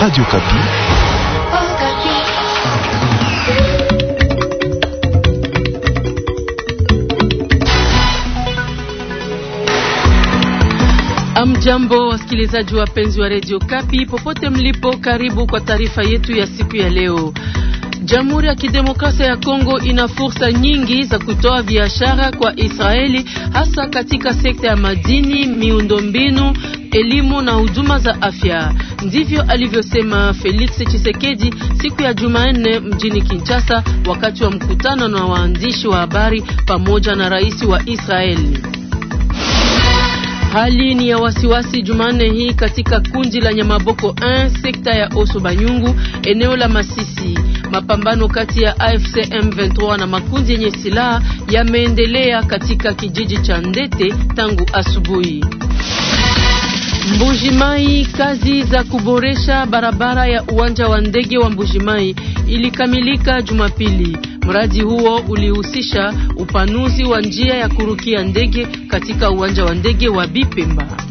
Radio Kapi. Amjambo, wasikilizaji wapenzi wa Radio Kapi popote mlipo, karibu kwa taarifa yetu ya siku ya leo. Jamhuri ya Kidemokrasia ya Kongo ina fursa nyingi za kutoa biashara kwa Israeli hasa katika sekta ya madini, miundombinu elimu na huduma za afya. Ndivyo alivyosema Felix Tshisekedi siku ya Jumanne mjini Kinshasa wakati wa mkutano na waandishi wa habari pamoja na rais wa Israeli. Hali ni ya wasiwasi Jumanne hii katika kundi la Nyamaboko 1 sekta ya Oso Banyungu eneo la Masisi. Mapambano kati ya AFC M23 na makundi yenye silaha yameendelea katika kijiji cha Ndete tangu asubuhi. Mbujimai, kazi za kuboresha barabara ya uwanja wa ndege wa Mbujimai ilikamilika Jumapili. Mradi huo ulihusisha upanuzi wa njia ya kurukia ndege katika uwanja wa ndege wa Bipemba.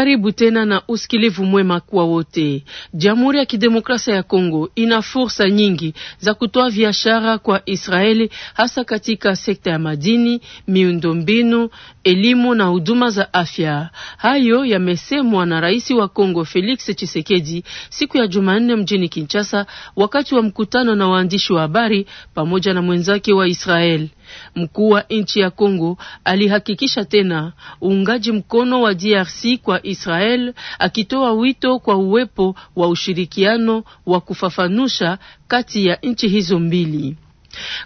Karibu tena na usikilivu mwema kwa wote. Jamhuri ya Kidemokrasia ya Kongo ina fursa nyingi za kutoa biashara kwa Israeli, hasa katika sekta ya madini, miundombinu, elimu na huduma za afya. Hayo yamesemwa na rais wa Kongo Felix Tshisekedi siku ya Jumanne mjini Kinshasa, wakati wa mkutano na waandishi wa habari pamoja na mwenzake wa Israeli. Mkuu wa nchi ya Kongo alihakikisha tena uungaji mkono wa DRC kwa Israel akitoa wito kwa uwepo wa ushirikiano wa kufafanusha kati ya nchi hizo mbili.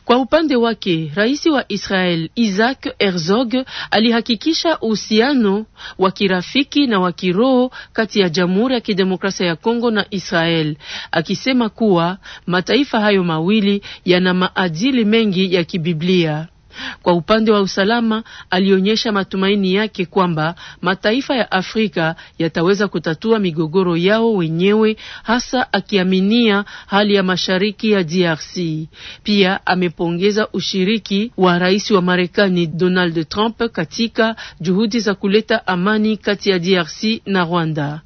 Kwa upande wake rais wa Israel Isaac Herzog alihakikisha uhusiano wa kirafiki na wa kiroho kati ya Jamhuri ya Kidemokrasia ya Kongo na Israel, akisema kuwa mataifa hayo mawili yana maadili mengi ya kibiblia. Kwa upande wa usalama, alionyesha matumaini yake kwamba mataifa ya Afrika yataweza kutatua migogoro yao wenyewe, hasa akiaminia hali ya mashariki ya DRC. Pia amepongeza ushiriki wa rais wa Marekani Donald Trump katika juhudi za kuleta amani kati ya DRC na Rwanda.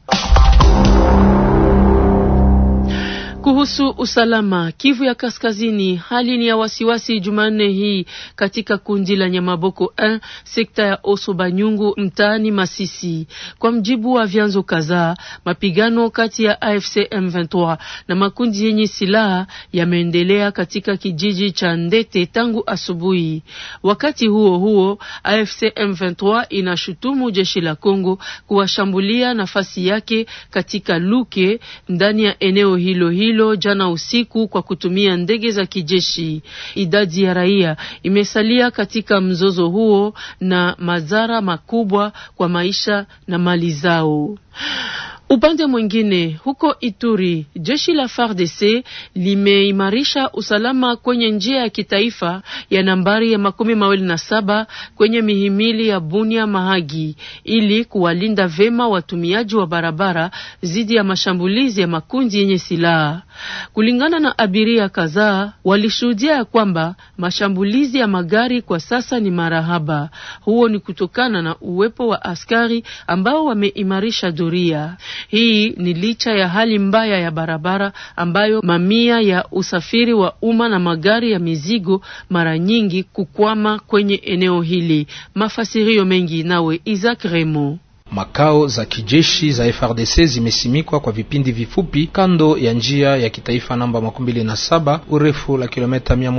Kuhusu usalama Kivu ya Kaskazini, hali ni ya wasiwasi Jumanne hii katika kundi la Nyamaboko 1 sekta ya Oso Banyungu mtaani Masisi. Kwa mjibu wa vyanzo kadhaa, mapigano kati ya AFC M23 na makundi yenye silaha yameendelea katika kijiji cha Ndete tangu asubuhi. Wakati huo huo, AFC M23 inashutumu jeshi la Kongo kuwashambulia nafasi yake katika Luke ndani ya eneo hilo hilo jana usiku kwa kutumia ndege za kijeshi. Idadi ya raia imesalia katika mzozo huo na madhara makubwa kwa maisha na mali zao. Upande mwingine huko Ituri, jeshi la FARDC limeimarisha usalama kwenye njia ya kitaifa ya nambari ya makumi mawili na saba kwenye mihimili ya Bunia Mahagi, ili kuwalinda vema watumiaji wa barabara dhidi ya mashambulizi ya makundi yenye silaha. Kulingana na abiria kadhaa, walishuhudia ya kwamba mashambulizi ya magari kwa sasa ni marahaba. Huo ni kutokana na uwepo wa askari ambao wameimarisha doria. Hii ni licha ya hali mbaya ya barabara ambayo mamia ya usafiri wa umma na magari ya mizigo mara nyingi kukwama kwenye eneo hili. Mafasirio mengi nawe Isaac Remo. Makao za kijeshi za FRDC zimesimikwa kwa vipindi vifupi kando ya njia ya kitaifa namba 27 urefu la kilometa mia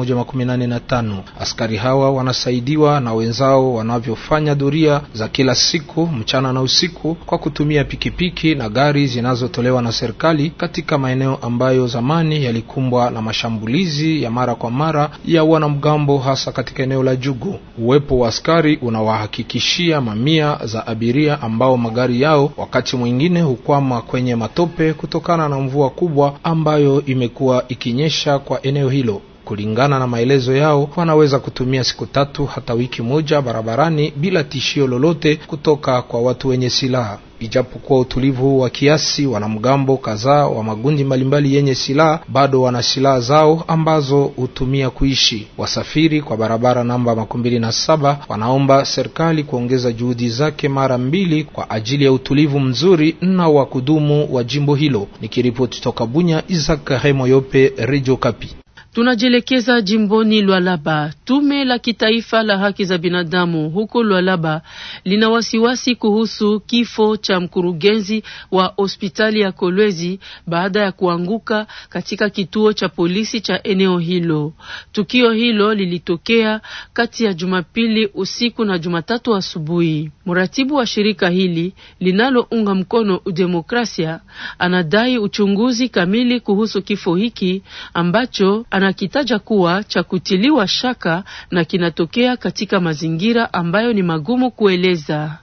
Askari hawa wanasaidiwa na wenzao wanavyofanya doria za kila siku mchana na usiku kwa kutumia pikipiki na gari zinazotolewa na serikali katika maeneo ambayo zamani yalikumbwa na mashambulizi ya mara kwa mara ya wanamgambo hasa katika eneo la Jugu. Uwepo wa askari unawahakikishia mamia za abiria ambao magari yao wakati mwingine hukwama kwenye matope kutokana na mvua kubwa ambayo imekuwa ikinyesha kwa eneo hilo. Kulingana na maelezo yao, wanaweza kutumia siku tatu hata wiki moja barabarani bila tishio lolote kutoka kwa watu wenye silaha. Ijapokuwa utulivu wa kiasi, wanamgambo kadhaa wa magundi mbalimbali yenye silaha bado wana silaha zao ambazo hutumia kuishi. Wasafiri kwa barabara namba makumi mbili na saba wanaomba serikali kuongeza juhudi zake mara mbili kwa ajili ya utulivu mzuri na wa kudumu wa jimbo hilo. Nikiripoti toka Bunya, Isaac Remoyope, Radio Kapi. Tunajielekeza jimboni Lwalaba. Tume la kitaifa la haki za binadamu huko Lualaba lina wasiwasi kuhusu kifo cha mkurugenzi wa hospitali ya Kolwezi baada ya kuanguka katika kituo cha polisi cha eneo hilo. Tukio hilo lilitokea kati ya Jumapili usiku na Jumatatu asubuhi. Mratibu wa shirika hili linalounga mkono udemokrasia anadai uchunguzi kamili kuhusu kifo hiki ambacho anakitaja kuwa cha kutiliwa shaka na kinatokea katika mazingira ambayo ni magumu kueleza.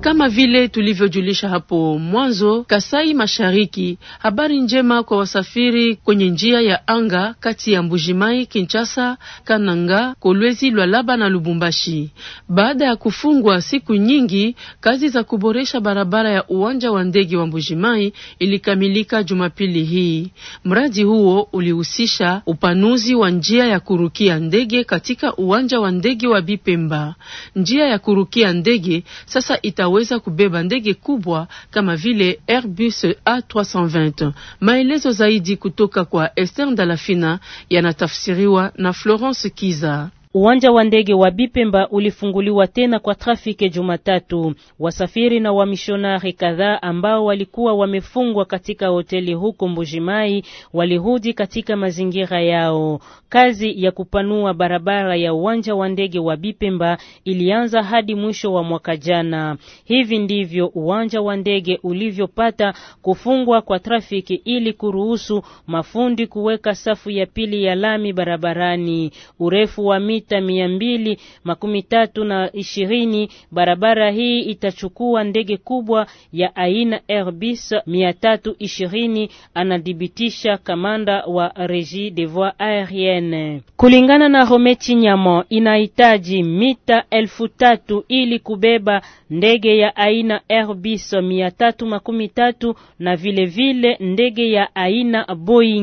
Kama vile tulivyojulisha hapo mwanzo, Kasai Mashariki, habari njema kwa wasafiri kwenye njia ya anga kati ya Mbujimai, Kinshasa, Kananga, Kolwezi, Lwalaba na Lubumbashi. Baada ya kufungwa siku nyingi, kazi za kuboresha barabara ya uwanja wa ndege wa Mbujimai ilikamilika Jumapili hii. Mradi huo ulihusisha upanuzi wa njia ya kurukia ndege katika uwanja wa ndege wa Bipemba. Njia ya kurukia ndege sasa ita itaweza kubeba ndege kubwa kama vile Airbus A320. Maelezo zaidi kutoka kwa Esther Dalafina yanatafsiriwa na Florence Kiza. Uwanja wa ndege wa Bipemba ulifunguliwa tena kwa trafiki Jumatatu. Wasafiri na wamishonari kadhaa ambao walikuwa wamefungwa katika hoteli huko Mbujimai walirudi katika mazingira yao. Kazi ya kupanua barabara ya uwanja wa ndege wa Bipemba ilianza hadi mwisho wa mwaka jana. Hivi ndivyo uwanja wa ndege ulivyopata kufungwa kwa trafiki ili kuruhusu mafundi kuweka safu ya pili ya lami barabarani. Urefu wa kilomita mia mbili makumi tatu na ishirini. Barabara hii itachukua ndege kubwa ya aina Airbus mia tatu ishirini, anadhibitisha kamanda wa regi de voi aerienne Kulingana na Rometi Nyamo, inahitaji mita elfu tatu ili kubeba ndege ya aina Airbus mia tatu makumi tatu na vilevile vile ndege ya aina Boeing.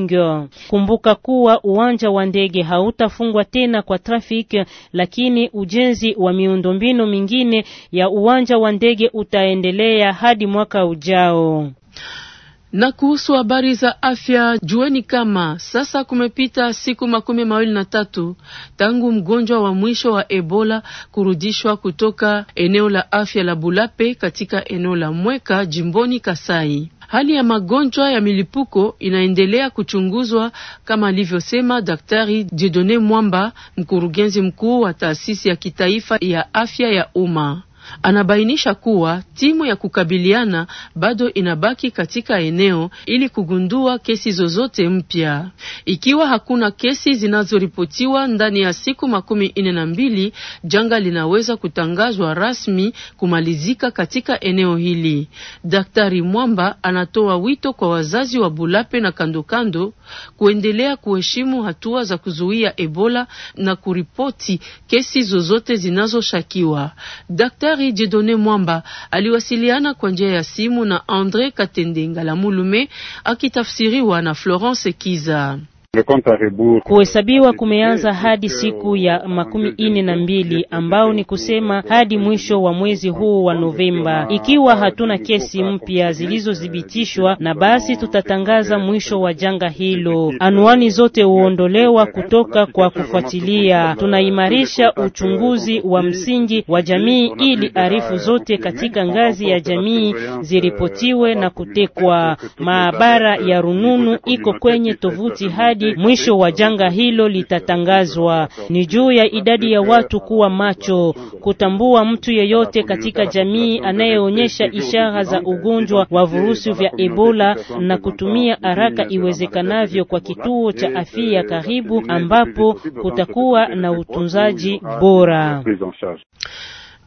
Kumbuka kuwa uwanja wa ndege hautafungwa tena kwa trafi trafiki, lakini ujenzi wa miundombinu mingine ya uwanja wa ndege utaendelea hadi mwaka ujao. Na kuhusu habari za afya, jueni kama sasa kumepita siku makumi mawili na tatu tangu mgonjwa wa mwisho wa Ebola kurudishwa kutoka eneo la afya la Bulape katika eneo la Mweka jimboni Kasai. Hali ya magonjwa ya milipuko inaendelea kuchunguzwa kama alivyosema Daktari Jedone Mwamba, mkurugenzi mkuu wa taasisi ya kitaifa ya afya ya umma. Anabainisha kuwa timu ya kukabiliana bado inabaki katika eneo ili kugundua kesi zozote mpya. Ikiwa hakuna kesi zinazoripotiwa ndani ya siku makumi nne na mbili, janga linaweza kutangazwa rasmi kumalizika katika eneo hili. Daktari Mwamba anatoa wito kwa wazazi wa Bulape na kandokando kuendelea kuheshimu hatua za kuzuia Ebola na kuripoti kesi zozote zinazoshakiwa. Daktari Daktari Jedone Mwamba aliwasiliana kwa njia ya simu na Andre Katende Ngalamulume akitafsiriwa na Florence Kiza. Kuhesabiwa kumeanza hadi siku ya makumi ine na mbili ambao ni kusema hadi mwisho wa mwezi huu wa Novemba. Ikiwa hatuna kesi mpya zilizothibitishwa, na basi tutatangaza mwisho wa janga hilo. Anwani zote huondolewa kutoka kwa kufuatilia. Tunaimarisha uchunguzi wa msingi wa jamii ili arifu zote katika ngazi ya jamii ziripotiwe na kutekwa. Maabara ya rununu iko kwenye tovuti hadi msingi mwisho wa janga hilo litatangazwa. Ni juu ya idadi ya watu kuwa macho, kutambua mtu yeyote katika jamii anayeonyesha ishara za ugonjwa wa virusi vya Ebola na kutumia haraka iwezekanavyo kwa kituo cha afya karibu ambapo kutakuwa na utunzaji bora.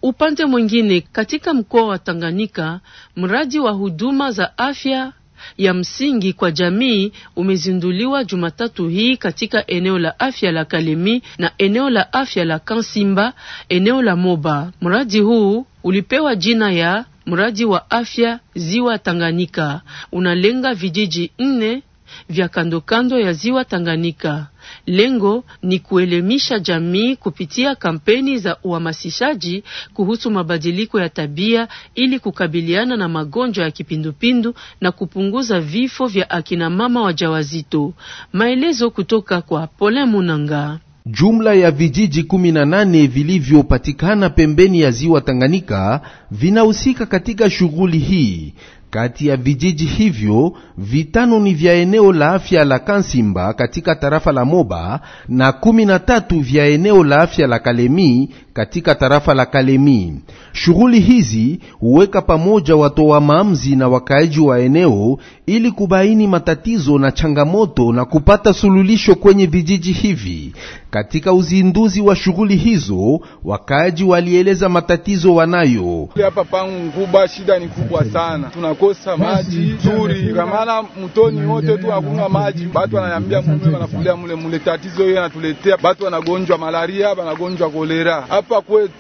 Upande mwingine, katika mkoa wa Tanganyika, mradi wa huduma za afya ya msingi kwa jamii umezinduliwa Jumatatu hii katika eneo la afya la Kalemi na eneo la afya la Kansimba, eneo la Moba. Mradi huu ulipewa jina ya mradi wa afya Ziwa Tanganyika. Unalenga vijiji nne vya kandokando ya ziwa Tanganyika. Lengo ni kuelemisha jamii kupitia kampeni za uhamasishaji kuhusu mabadiliko ya tabia ili kukabiliana na magonjwa ya kipindupindu na kupunguza vifo vya akina mama wajawazito. Maelezo kutoka kwa Pole Munanga. Jumla ya vijiji 18 vilivyopatikana pembeni ya ziwa Tanganyika vinahusika katika shughuli hii. Kati ya vijiji hivyo vitano ni vya eneo la afya la Kansimba katika tarafa la Moba na kumi na tatu vya eneo la afya la Kalemi katika tarafa la Kalemi. Shughuli hizi huweka pamoja watoa wa maamuzi na wakaaji wa eneo ili kubaini matatizo na changamoto na kupata sululisho kwenye vijiji hivi. Katika uzinduzi wa shughuli hizo, wakaaji walieleza matatizo wanayo. Hapa pangu nguba, shida ni kubwa sana, tunakosa maji nzuri, kwa maana mtoni wote tu hakuna maji. Watu wananiambia mume wanafulia mule mule, tatizo hiyo anatuletea watu wanagonjwa malaria, wanagonjwa kolera hapa kwetu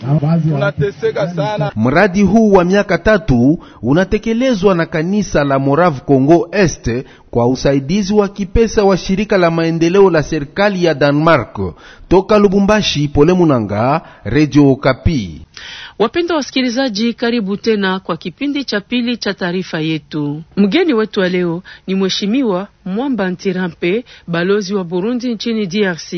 tunateseka sana. Mradi huu wa miaka tatu unatekelezwa na kanisa la Morav congo Este kwa usaidizi wa kipesa wa shirika la maendeleo la serikali ya Denmark. Toka Lubumbashi, Pole Munanga, Radio Okapi. Wapendwa wasikilizaji, karibu tena kwa kipindi cha pili cha taarifa yetu. Mgeni wetu wa leo ni mheshimiwa Mwamba Ntirampe, balozi wa Burundi nchini DRC,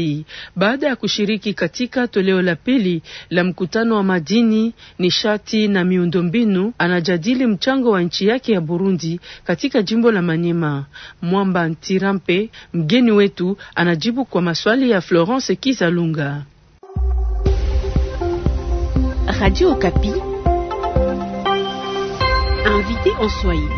baada ya kushiriki katika toleo la pili la mkutano wa madini, nishati na miundombinu. Anajadili mchango wa nchi yake ya Burundi katika jimbo la Manyema. Mwamba Ntirampe, mgeni wetu, anajibu kwa maswali ya Florence Kizalunga. Radio Okapi. Invité en Swahili.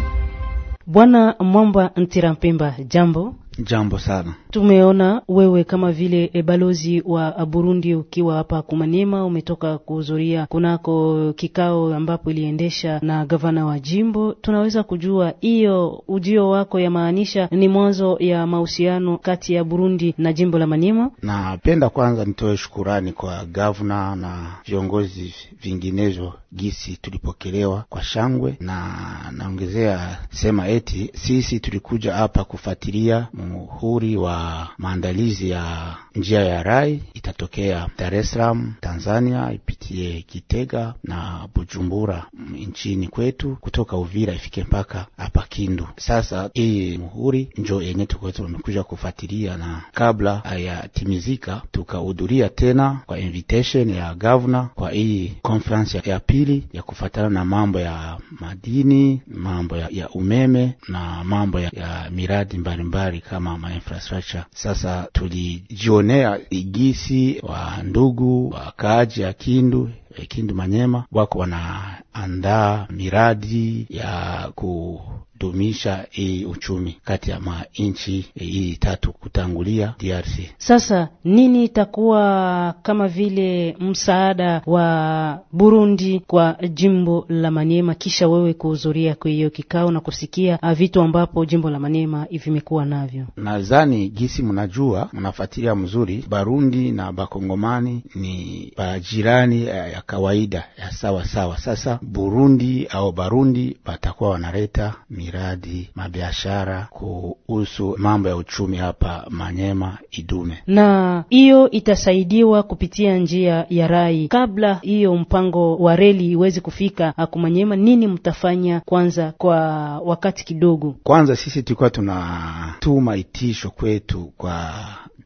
Bwana Mwamba Ntirampemba, jambo. Jambo sana. Tumeona wewe kama vile e balozi wa eh, Burundi ukiwa hapa Kumanema, umetoka kuhudhuria kunako kikao ambapo iliendesha na gavana wa jimbo. Tunaweza kujua hiyo ujio wako yamaanisha ni mwanzo ya mahusiano kati ya Burundi na jimbo la manema Napenda kwanza nitoe shukurani kwa gavana na viongozi vinginevyo gisi tulipokelewa kwa shangwe, na naongezea sema eti sisi tulikuja hapa kufuatilia muhuri wa maandalizi ya njia ya rai itatokea Dar es Salaam Tanzania, ipitie Kitega na Bujumbura nchini kwetu, kutoka Uvira ifike mpaka hapa Kindu. Sasa hii muhuri njo yenye tuko tumekuja kufuatilia, na kabla hayatimizika tukahudhuria tena kwa invitation ya gavana kwa hii conference ya pili ya kufuatana na mambo ya madini, mambo ya, ya umeme na mambo ya, ya miradi mbalimbali kama ma infrastructure kuacha. Sasa tulijionea igisi wa ndugu wakaaji ya Kindu Eh, Kindu Manyema wako wanaandaa miradi ya ku dumisha hii uchumi kati ya manchi eh, hii tatu kutangulia DRC. Sasa nini itakuwa kama vile msaada wa Burundi kwa jimbo la manema kisha wewe kuhudhuria kwa hiyo kikao na kusikia ah, vitu ambapo jimbo la manyema vimekuwa navyo? Nadhani gisi mnajua mnafuatilia mzuri, Barundi na Bakongomani ni bajirani eh, ya kawaida ya sawa sawa. Sasa Burundi au Barundi batakuwa wanaleta miradi mabiashara kuhusu mambo ya uchumi hapa Manyema idume, na hiyo itasaidiwa kupitia njia ya rai. Kabla hiyo mpango wa reli iweze kufika akumanyema, nini mtafanya kwanza kwa wakati kidogo? Kwanza sisi tulikuwa tunatuma itisho kwetu kwa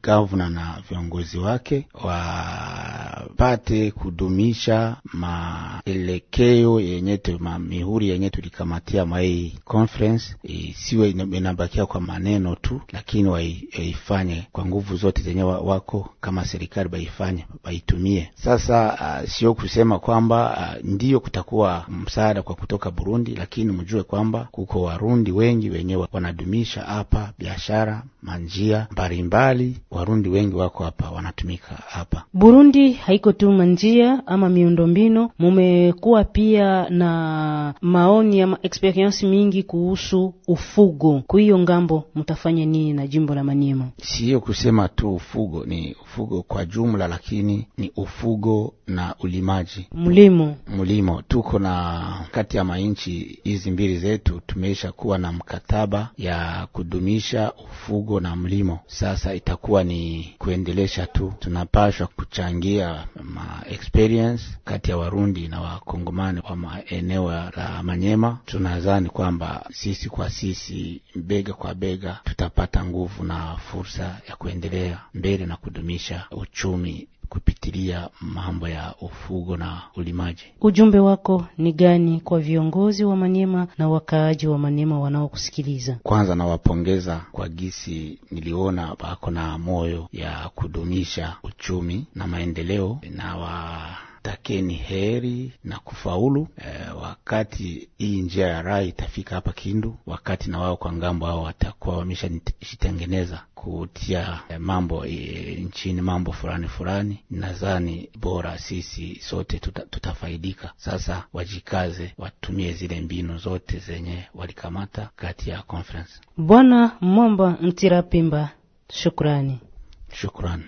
gavana na viongozi wake wapate kudumisha maelekeo yenye mihuri yenye tulikamatia mai conference, isiwe inabakia kwa maneno tu, lakini waifanye kwa nguvu zote zenye wako kama serikali baifanye, baitumie. Sasa uh, sio kusema kwamba uh, ah, ndiyo kutakuwa msaada kwa kutoka Burundi, lakini mjue kwamba kuko Warundi wengi wenyewe wanadumisha hapa biashara manjia mbalimbali Warundi wengi wako hapa wana inatumika hapa Burundi. Haiko tu manjia ama miundombinu, mumekuwa pia na maoni ama experience mingi kuhusu ufugo. Kwa hiyo ngambo mtafanya nini na jimbo la Maniema? Siyo kusema tu ufugo, ni ufugo kwa jumla, lakini ni ufugo na ulimaji, mlimo. Mlimo tuko na kati ya mainchi hizi mbili zetu tumeisha kuwa na mkataba ya kudumisha ufugo na mlimo. Sasa itakuwa ni kuendelesha tu tunapashwa kuchangia ma experience kati ya Warundi na Wakongomani wa maeneo la Manyema. Tunadhani kwamba sisi kwa sisi, bega kwa bega, tutapata nguvu na fursa ya kuendelea mbele na kudumisha uchumi kupitilia mambo ya ufugo na ulimaji. Ujumbe wako ni gani kwa viongozi wa manema na wakaaji wa manema wanaokusikiliza? Kwanza nawapongeza kwa gisi niliona bako na moyo ya kudumisha uchumi na maendeleo na wa Takeni heri na kufaulu e, wakati hii njia ya raha itafika hapa Kindu, wakati na wao kwa ngambo hao watakuwa wameshajitengeneza kutia e, mambo e, nchini mambo fulani fulani, nadhani bora sisi sote tuta, tutafaidika. Sasa wajikaze, watumie zile mbinu zote zenye walikamata kati ya conference. Bwana Mwamba Ntirapimba, shukrani. Shukran.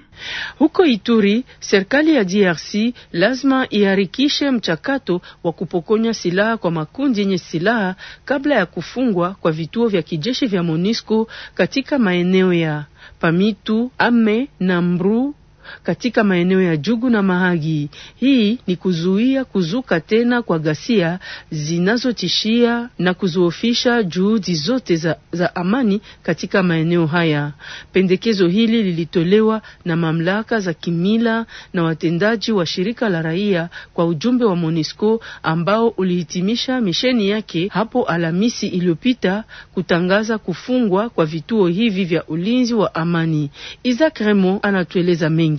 Huko Ituri, serikali ya DRC lazima iharikishe mchakato wa kupokonya silaha kwa makundi yenye silaha kabla ya kufungwa kwa vituo vya kijeshi vya MONUSCO katika maeneo ya Pamitu, Ame na Mbru katika maeneo ya Jugu na Mahagi. Hii ni kuzuia kuzuka tena kwa ghasia zinazotishia na kuzoofisha juhudi zote za, za amani katika maeneo haya. Pendekezo hili lilitolewa na mamlaka za kimila na watendaji wa shirika la raia kwa ujumbe wa MONUSCO ambao ulihitimisha misheni yake hapo Alhamisi iliyopita kutangaza kufungwa kwa vituo hivi vya ulinzi wa amani. Isaac Remo anatueleza mengi.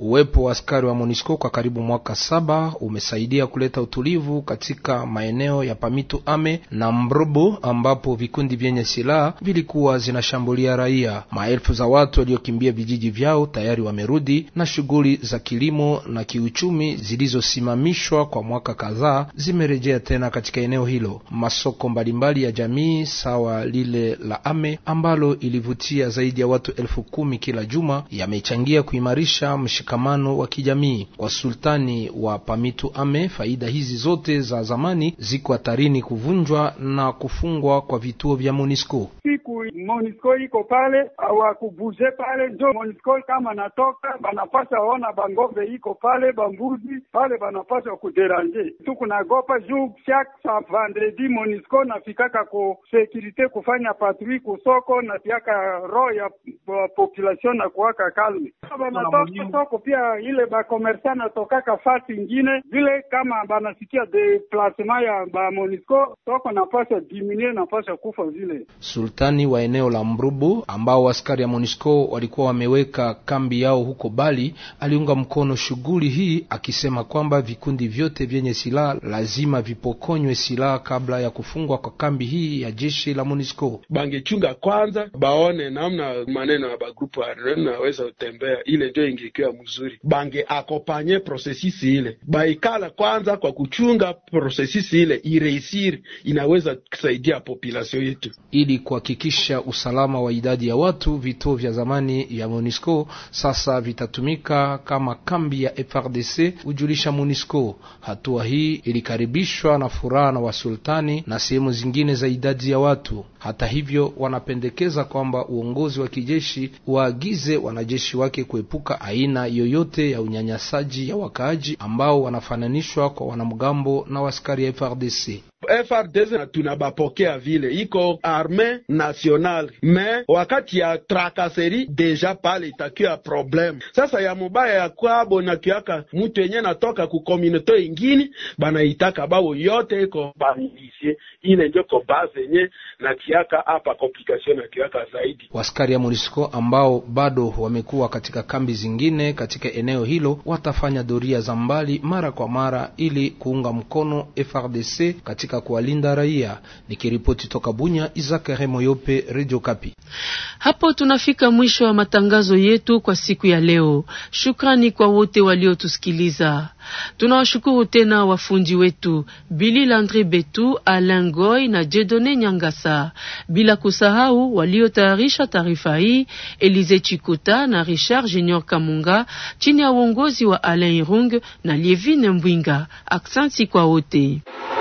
Uwepo wa askari wa MONUSCO kwa karibu mwaka saba umesaidia kuleta utulivu katika maeneo ya Pamitu Ame na mrobo ambapo vikundi vyenye silaha vilikuwa zinashambulia raia. Maelfu za watu waliokimbia vijiji vyao tayari wamerudi, na shughuli za kilimo na kiuchumi zilizosimamishwa kwa mwaka kadhaa zimerejea tena katika eneo hilo. Masoko mbalimbali ya jamii sawa lile la Ame ambalo ilivutia zaidi ya watu elfu kumi kila juma yamechangia kuimarisha mshika mshikamano wa kijamii. Kwa sultani wa Pamitu Ame, faida hizi zote za zamani ziko hatarini kuvunjwa na kufungwa kwa vituo vya MONUSCO. Siku MONUSCO iko pale hawakubuze pale, njo MONUSCO kama natoka banapasha ona bangombe iko pale bambuzi pale banapasha kuderanje. nagopa juu chaque sa vendredi MONUSCO nafikaka ku sekurite kufanya patrui kusoko na fiaka roho ya population na kuwaka kalme banatoka soko pia ile bakomersa natokaka fasi ingine vile, kama banasikia deplasema ya bamonisco toko napasha diminue napasha kufa vile. Sultani wa eneo la Mrubu ambao askari ya Monisco walikuwa wameweka kambi yao huko Bali aliunga mkono shughuli hii akisema kwamba vikundi vyote vyenye silaha lazima vipokonywe silaha kabla ya kufungwa kwa kambi hii ya jeshi la Monisco. Bangechunga kwanza baone namna maneno ya bagrupu naweza kutembea, ile ndio ingekuwa vizuri, bange akopanye prosesisi ile, baikala kwanza kwa kuchunga prosesisi ile ireisiri, inaweza kusaidia populasio yetu ili kuhakikisha usalama wa idadi ya watu. Vituo vya zamani ya MONUSCO sasa vitatumika kama kambi ya frdc hujulisha MONUSCO. Hatua hii ilikaribishwa na furaha na wasultani na sehemu zingine za idadi ya watu. Hata hivyo, wanapendekeza kwamba uongozi wa kijeshi waagize wanajeshi wake kuepuka aina yoyote ya unyanyasaji ya wakaaji ambao wanafananishwa kwa wanamgambo na waskari frdc FRDC tunabapokea vile iko arme national me wakati ya trakaseri deja pale itakia problem sasa ya mubaya ya kwabo kiaka mutu enye natoka ku komunite ingini banaitaka babo yote iko bamisie ile ndio ko base na nakiaka hapa komplikasio kiaka zaidi. Waskari ya MONUSCO ambao bado wamekuwa katika kambi zingine katika eneo hilo watafanya doria za mbali mara kwa mara ili kuunga mkono FRDC katika katika kuwalinda raia. Nikiripoti toka Bunya, Izakare Moyope, Radio Kapi. Hapo tunafika mwisho wa matangazo yetu kwa siku ya leo. Shukrani kwa wote waliotusikiliza. Tunawashukuru tena wafundi wetu Bili landre Betu, Alain Goy na Jedone Nyangasa, bila kusahau waliotayarisha taarifa hii Elize Chikuta na Richard Junior Kamunga, chini ya uongozi wa Alain Irung na Lievine Mbwinga. Aksanti kwa wote.